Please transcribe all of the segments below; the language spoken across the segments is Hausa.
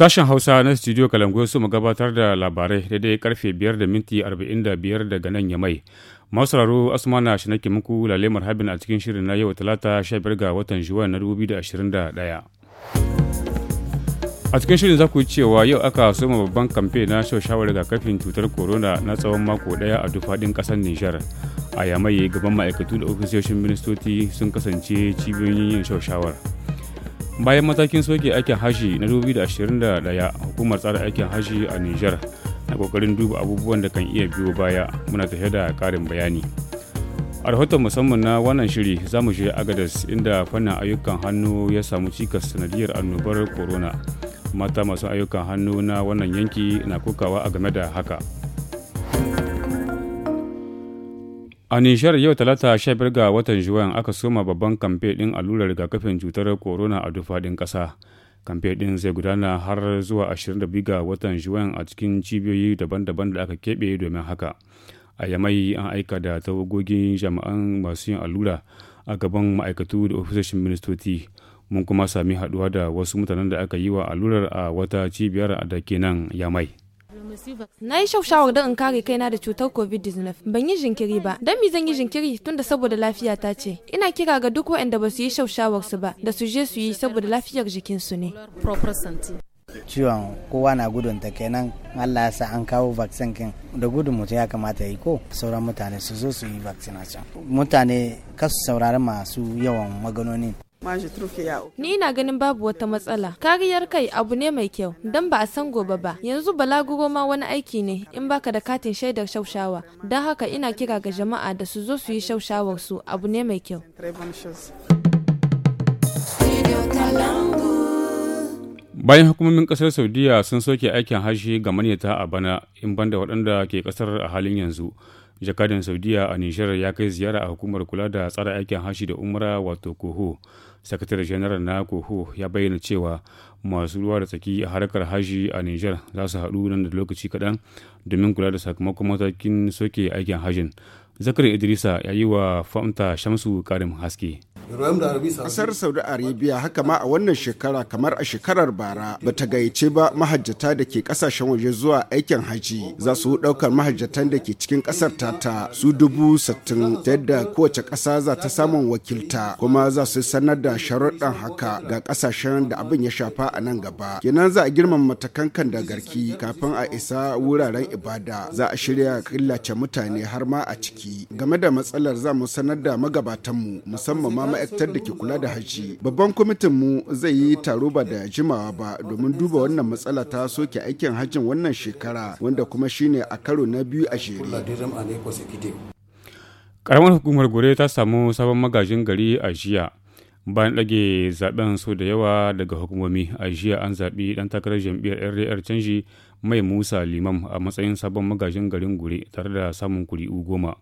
Sashen Hausa na Studio Kalangoyo su mu gabatar da labarai daidai karfe 5 da minti 45 daga nan ya mai Masararo Asmana shi nake muku lalemar habin a cikin shirin na yau talata 15 ga watan Juwan na 2021. A cikin shirin za ku cewa yau aka soma babban kamfe na shawarar kafin cutar corona na tsawon mako daya a duk faɗin ƙasar Nijar. A yamai gaban ma'aikatu da ofisoshin ministoci sun kasance cibiyoyin yin shawarar. bayan matakin soke aikin hajji na 2021 hukumar tsara aikin hajji a niger na kokarin duba abubuwan da kan iya biyo baya muna tafiya da karin bayani a rahoton musamman na wannan shiri za mu agadas inda fannin ayyukan hannu ya samu cikas sanadiyar annobar corona mata masu ayyukan hannu na wannan yanki na kokawa a game da haka A Nishar yau talata 15 ga watan Juwan aka soma babban kamfe ɗin allurar rigakafin cutar corona a dufaɗin ƙasa. Kamfe ɗin zai gudana har zuwa 22 ga watan Juwan a cikin cibiyoyi daban-daban da aka keɓe domin haka. A Yamai an aika da tawagogin jama'an masu yin allura a gaban ma'aikatu da ofisoshin ministoci. Mun kuma sami haɗuwa da wasu mutanen da aka yi wa allurar a wata cibiyar da ke nan Yamai. Na yi shawar don in kare kaina da cutar COVID-19. Ban yi jinkiri ba. Don me zan yi jinkiri tun da saboda lafiya ta ce. Ina kira ga duk waɗanda ba su yi shawar su ba da su je su yi saboda lafiyar jikinsu ne. ciwon kowa na gudun ta kenan Allah ya sa an kawo vaccine kin da gudun mutum ya kamata yi ko sauran mutane su zo su yi vaccination mutane kasu saurari masu yawan maganonin Ni ina ganin babu wata matsala. Kariyar kai abu ne mai kyau, don ba a san gobe ba. Yanzu balaguro ma wani aiki ne in baka da katin shaidar shaushawa. Don haka ina kira ga jama'a da su zo su yi shaushawar su abu ne mai kyau. Bayan hukumomin kasar Saudiya sun soke aikin hashi ga manyata a bana in banda waɗanda ke kasar a halin yanzu. jakadan saudiya a nijar ya kai ziyara a hukumar kula da tsara aikin hashi da umara wato koho sakatare janar na koho ya bayyana cewa masu ruwa da tsaki a harkar haji a niger za su haɗu nan da lokaci kaɗan domin kula da sakamakon matakin soke aikin hajin zakar idrisa ya yi wa famta shamsu karin haske ƙasar Saudi Arabia haka ma a wannan shekara kamar a shekarar bara ba ta gayyace ba mahajjata da ke kasashen waje zuwa aikin haji za su daukar mahajjatan da ke cikin kasar tata su dubu sittin ta yadda kowace ƙasa za ta samun wakilta kuma za su sanar da sharuɗɗan haka ga ƙasashen da abin ya shafa a nan gaba kenan za a girmama matakan kan da garki kafin a isa wuraren ibada za a shirya killace mutane har ma a ciki game da matsalar za mu sanar da magabatanmu musamman ma ma'aikatar da ke kula da hajji babban kwamitin mu zai yi taro ba da jimawa ba domin duba wannan matsala ta soke aikin hajjin wannan shekara wanda kuma shine a karo na biyu a jere karamar hukumar gore ta samu sabon magajin gari a jiya bayan ɗage zaben so da yawa daga hukumomi a jiya an zaɓi ɗan takarar jam'iyyar rar canji mai musa limam a matsayin sabon magajin garin gure tare da samun kuri'u goma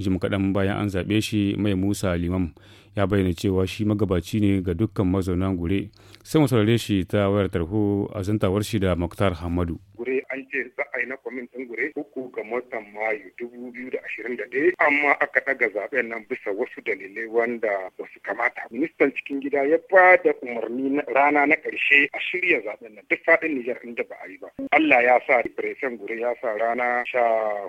jim kaɗan bayan an zaɓe shi mai musa limam ya bayyana cewa shi magabaci ne ga dukkan mazaunan gure sai mu saurare shi ta wayar tarho a zantawar shi da muktar hamadu gure an ce za a yi na kwamitin gure uku ga watan mayu dubu biyu da ashirin da ɗaya amma aka ɗaga zaɓen nan bisa wasu dalilai wanda wasu kamata ministan cikin gida ya ba da umarni rana na ƙarshe a shirya zaɓen nan duk faɗin nijar inda ba a yi ba allah ya sa prefen gure ya sa rana sha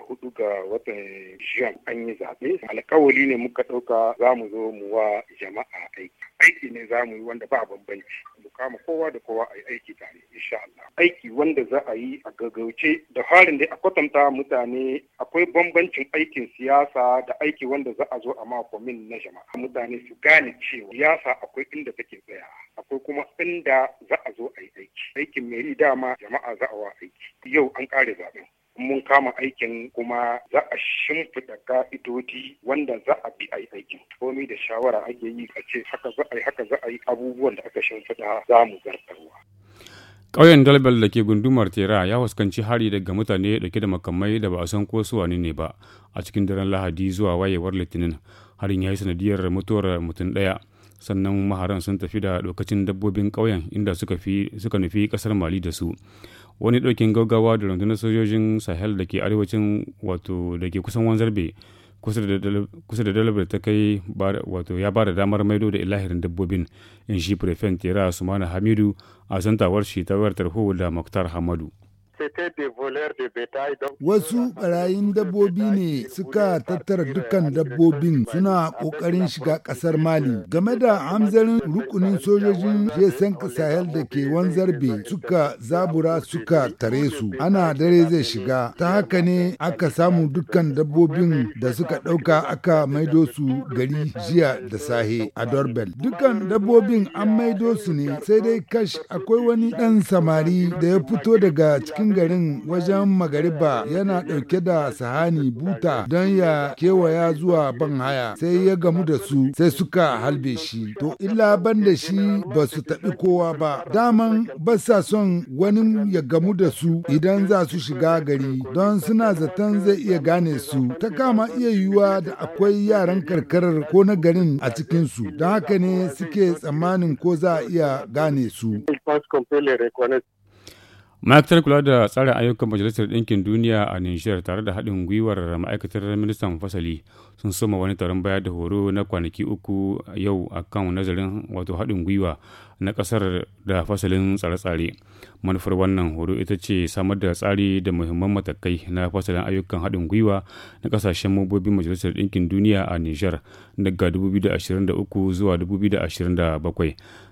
hudu ga watan jiyan an yi zaɓe alkawali ne muka ɗauka za mu zo mu wa jama'a aiki aiki ne za mu yi wanda ba bambanci mu kama kowa da kowa ayi aiki tare insha Allah aiki wanda za a yi a gaggauce da farin da a kwatanta mutane akwai bambancin aikin siyasa da aiki wanda za a zo a makomin na jama'a mutane su gane cewa siyasa akwai inda take tsaya akwai kuma inda za a zo a yi aiki aikin meri dama jama'a za a wa aiki yau an kare zaben mun kama aikin kuma za a shimfiɗa ka'idodi wanda za a bi a yi aikin komai da shawara ake yi a ce haka za a yi haka za a yi abubuwan da aka shimfida za mu zartarwa. ƙauyen dalbel da ke gundumar tera ya fuskanci hari daga mutane dauke da makamai da ba a san ko su ne ba a cikin daren lahadi zuwa wayewar litinin harin ya yi sanadiyar mutuwar mutum ɗaya sannan maharan sun tafi da lokacin dabbobin ƙauyen inda suka nufi ƙasar mali da su wani ɗaukin gaggawa da rundunar sojojin sahel da ke arewacin wato da ke kusan wanzarbe kusa da dalabar ta kai wato ya ba da damar maido da ilahirin dabbobin in shi prefen tera sumana hamidu a zantawar shi ta wayar tarho da muktar hamadu Wasu ɓarayin dabbobi ne suka tattara dukkan dabbobin suna ƙoƙarin shiga ƙasar Mali. Game da hamzarin rukunin sojojin Jason Sahel da ke wanzarbe suka zabura suka tare su. Ana dare zai shiga. Ta haka ne aka samu dukkan dabbobin da suka ɗauka aka maido su gari jiya da sahe a Dorbel. Dukkan dabbobin an maido su ne sai dai kash akwai wani ɗan samari da ya fito daga cikin sarkin garin wajen magariba yana ɗauke da sahani buta don ya kewaya zuwa ban haya sai ya gamu da su sai suka halbe shi to illa ban da shi ba su taɓi kowa ba daman ba sa son wani ya gamu da su idan za su shiga gari don suna zaton zai iya gane su ta kama iya yiwuwa da akwai yaran karkarar ko na garin a cikinsu don haka ne suke tsammanin ko za a iya gane su. ma'aikatar kula da tsarin ayyukan majalisar ɗinkin duniya a nijar tare da haɗin gwiwar ma'aikatar ministan fasali sun soma wani taron bayar da horo na kwanaki uku yau a kan nazarin wato haɗin gwiwa na ƙasar da fasalin tsare-tsare manufar wannan horo ita ce samar da tsari da muhimman matakai na fasalin ayyukan haɗin gwiwa na ƙasashen mambobin majalisar ɗinkin duniya a nijar daga 2023 zuwa 2027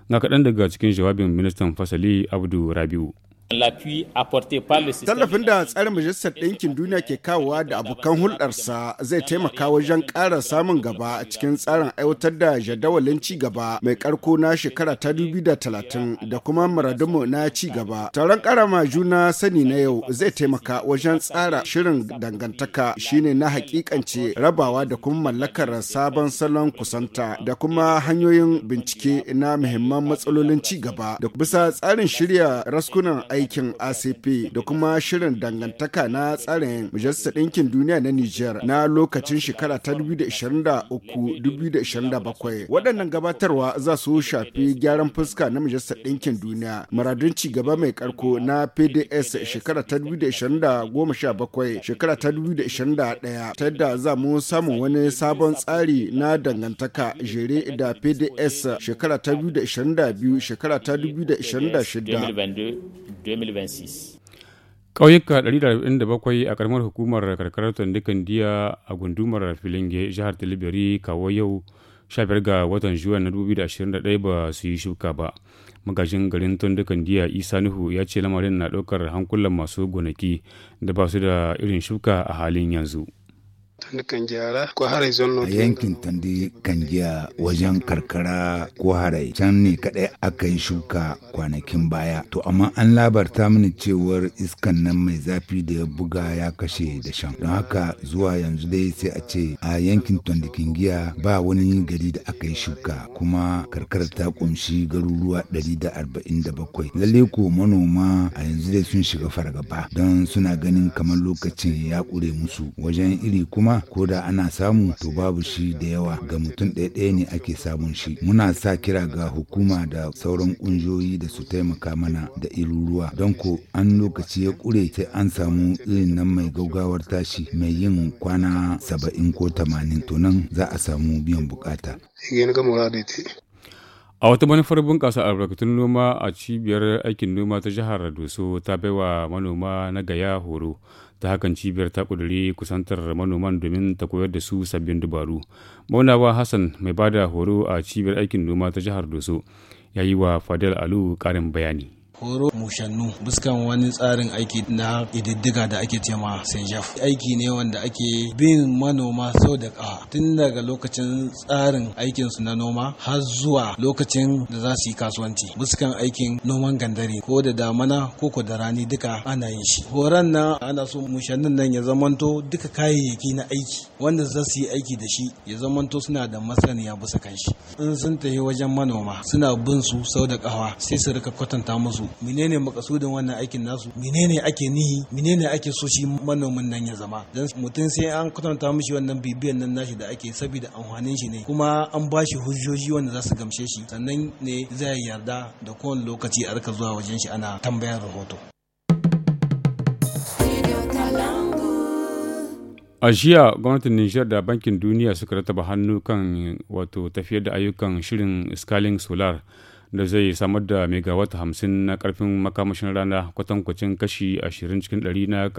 ga kaɗan daga cikin jawabin ministan fasali abdu rabiu Tallafin da tsarin Majalisar Ɗinkin Duniya ke kawowa da abokan hulɗarsa zai taimaka wajen ƙara samun gaba a cikin tsarin aiwatar da jadawalin ci gaba mai ƙarko na shekara ta 2030 da kuma muradunmu na ci gaba. Taron ma juna sani na yau zai taimaka wajen tsara shirin dangantaka shine na hakikance rabawa da kuma mallakar sabon salon kusanta da kuma hanyoyin bincike na muhimman matsalolin ci gaba da bisa tsarin shirya raskunan aikin ACP da kuma shirin dangantaka na tsarin Majalisar Ɗinkin Duniya na Nijar na lokacin shekara ta 2023-2027. Waɗannan gabatarwa za su shafi gyaran fuska na Majalisar Ɗinkin Duniya, muradun ci gaba mai karko na PDS shekara ta 2017 shekara ta 2021 ta yadda za mu samu wani sabon tsari na dangantaka jere da PDS shekara ta 2022 shekara ta 2026. 2026. ƙauyuka 147 a karamar hukumar karkarar tandukan diya a gundumar filinge jihar tilibiri kawo yau 15 ga watan juwan na 2021 ba su yi shuka ba magajin garin tandukan diya isa nuhu ya ce lamarin na ɗaukar hankulan masu gonaki da ba su da irin shuka a halin yanzu a yankin tandi kanjiya wajen karkara ko harai can ne kadai aka yi shuka kwanakin baya to amma an labarta mini cewar iskan nan mai zafi da ya buga ya kashe da shan don haka zuwa yanzu dai sai a ce a yankin tandi giya. ba wani gari da aka yi shuka kuma karkara ta kunshi garuruwa 147 lalle ko manoma a yanzu dai sun shiga fargaba don suna ganin kamar lokacin ya kure musu wajen iri kuma ko da ana samu to babu shi da yawa ga mutum ɗaya ne ake samun shi muna sa kira ga hukuma da sauran ƙungiyoyi da su taimaka mana da iruruwa don ko an lokaci ya ƙure sai an samu irin nan mai gaugawar tashi mai yin kwana saba'in ko tamanin to nan za a samu biyan bukata. A wata manufar bunƙasa albarkatun noma a cibiyar aikin noma ta jihar Doso ta baiwa manoma na gaya horo. Ta hakan cibiyar ta ƙuduri kusantar manoman domin ta koyar da su sabbin dubaru. Maunawa Hassan mai bada horo a cibiyar aikin noma ta jihar Doso ya yi wa Fadel Alu ƙarin bayani. horo mushannu buskan wani tsarin aiki na ƙididdiga da ake cema senjaf aiki ne wanda ake bin manoma sau da ƙawa tun daga lokacin tsarin aikinsu na noma har zuwa lokacin da za su yi kasuwanci buskan aikin noman gandare ko da damana ko ko da rani duka ana yin shi horon na, ana so mushannun nan ya zamanto duka kayayyaki na aiki wanda za su yi aiki da shi ya zamanto suna da masaniya bisa kan shi in sun tafi wajen manoma suna bin su sau da kawa sai su rika kwatanta musu menene makasudin wannan aikin nasu menene ake nihi menene ake so shi manomin nan ya zama dan mutum sai an kwatanta mishi wannan bibiyan nan nashi da ake saboda amfanin shi ne kuma an ba shi hujjoji wanda za su gamshe shi sannan ne zai yarda da kowane lokaci a rika zuwa wajen shi ana tambayar rahoto a jiya gwamnatin niger da bankin duniya suka rataba hannu kan wato tafiyar da ayyukan shirin scaling solar da zai samar da megawatt hamsin na karfin makamashin rana kwatankwacin kashi ashirin cikin dari na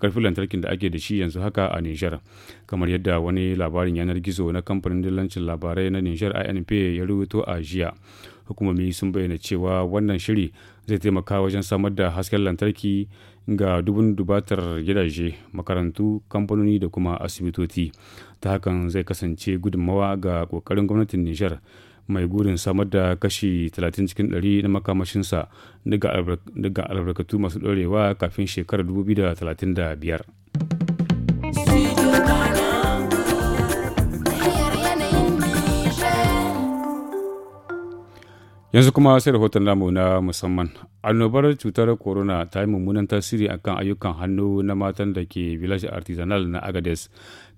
karfin lantarkin da ake da shi yanzu haka a niger kamar yadda wani labarin yanar gizo na kamfanin dillancin labarai na niger inp ya rubuto a jiya hukumomi sun bayyana cewa wannan shiri zai taimaka wajen samar da hasken lantarki ga dubun dubatar gidaje makarantu kamfanoni da kuma asibitoci ta hakan zai kasance gudunmawa ga kokarin gwamnatin nijar mai gurin samar da kashi 30 cikin 100 na makamashinsa daga albarkatu masu dorewa kafin shekarar 2035 yanzu kuma sai rahoton namu na musamman annobar cutar corona ta yi mummunan tasiri akan ayyukan hannu na matan da ke village artisanal na agades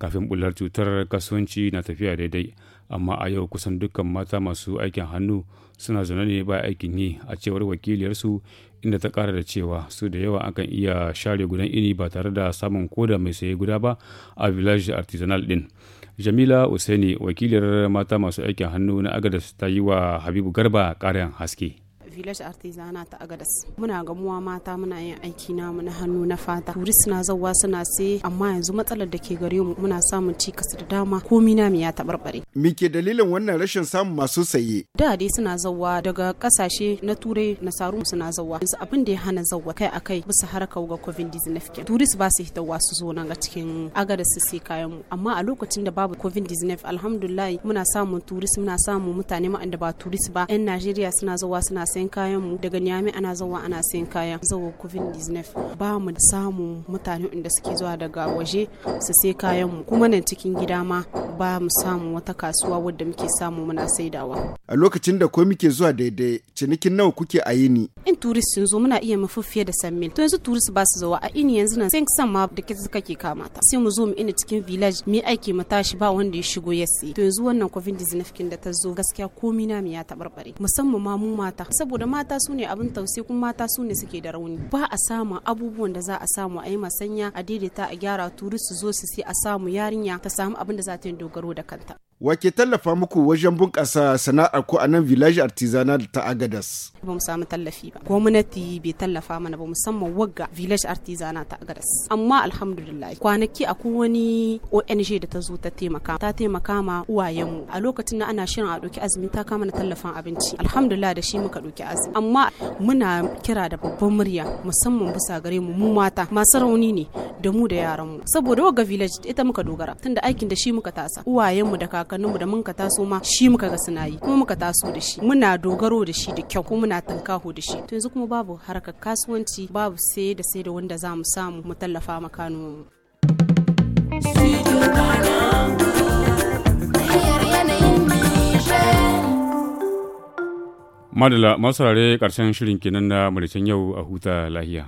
kafin bular cutar kasuwanci na tafiya daidai amma a yau kusan dukkan mata masu aikin hannu suna zaune ne ba aikin yi a cewar wakiliyarsu inda ta kara da cewa su da yawa akan iya share gudan ini ba tare da samun koda mai saye guda ba a village artisanal din Jamila Usaini wakilar mata masu aikin hannu na Agadas ta yi wa Habibu Garba ƙarin haske. village artisana ta agadas muna gamuwa mata muna yin aiki namu na hannu na fata turist na zawa suna sai amma yanzu matsalar da ke gare mu muna samun cikas da dama komi na ya taɓarɓare me ke dalilin wannan rashin samun masu saye da dai suna zawa daga kasashe na turai saru suna zawa yanzu abin da ya hana zauwa kai akai bisa harkar ga covid 19 turist ba su hita su zo nan ga cikin agadas su sai kayan mu amma a lokacin da babu covid 19 alhamdulillah muna samun turist muna samun mutane ma'anda ba turist ba yan najeriya suna zawa suna sayan sayan kayan mu daga Niamey ana zawa ana sayan kayan zuwa Kuvin Disney ba mu samu mutane inda suke zuwa daga waje su sai kayan mu kuma nan cikin gida ma ba mu samu wata kasuwa wadda muke samu muna saidawa. A lokacin da ko muke zuwa daidai cinikin nawa kuke a yini? In turist sun zo muna iya mafi fiye da sammil. To yanzu turist ba su zuwa a ini yanzu nan sai san ma da ke ke kamata. Sai mu zo mu ina cikin village mu aiki mu tashi ba wanda ya shigo yasi. sai. To yanzu wannan covid-19 da ta zo gaskiya komi na ya tabarbare. musamman ma mu mata saboda saboda mata su ne abin tausayi kuma mata su ne suke da rauni ba a samu abubuwan da za a samu a yi masanya a daidaita a gyara turu su zo su sai a samu yarinya ta samu abin da za ta yi dogaro da kanta Wake tallafa muku wajen bunƙasa sana'a ko a nan village artisanal ta Agadas? Ba mu samu tallafi ba. Gwamnati bai tallafa mana ba musamman wagga village artisanal ta Agadas. Amma alhamdulillah kwanaki akwai wani ONG da ta zo ta taimaka. Ta taimaka ma uwayenmu. A lokacin da ana shirin a ɗauki azumi ta kama na tallafin abinci. Alhamdulillah da shi muka ɗauki azumi. Amma muna kira da babban murya musamman bisa gare mu mu mata masu rauni ne da mu da yaranmu. Saboda wagga village ita muka dogara tunda aikin da shi muka tasa. Uwayenmu da kaka kakanninmu da mun ka taso ma shi muka ga suna yi kuma muka taso da shi muna dogaro da shi da kyau kuma muna tankaho da shi to yanzu kuma babu harkar kasuwanci babu sai da sai da wanda za mu samu mu tallafa ma kanunmu. Madala masu karshen shirin kenan na maricen yau a huta lahiya.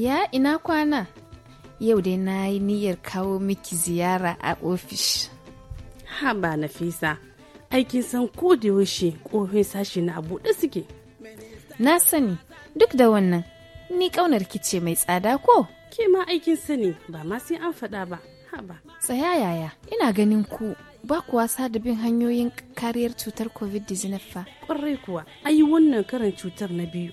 Ya ina kwana? Yau dai na yi niyyar kawo miki ziyara a ofis. Ha ba Nafisa, aikin san ko da yaushe ƙofin sashi na buɗe suke. Na sani, duk da wannan, ni ƙaunar kice mai tsada ko? Ke ma aikin sani ba ma sai an faɗa ba, ha ba. Tsaya yaya, ina ganin ku ba kuwa da bin hanyoyin kariyar cutar COVID-19 fa. Ƙwarai kuwa, ayi wannan karin cutar na biyu.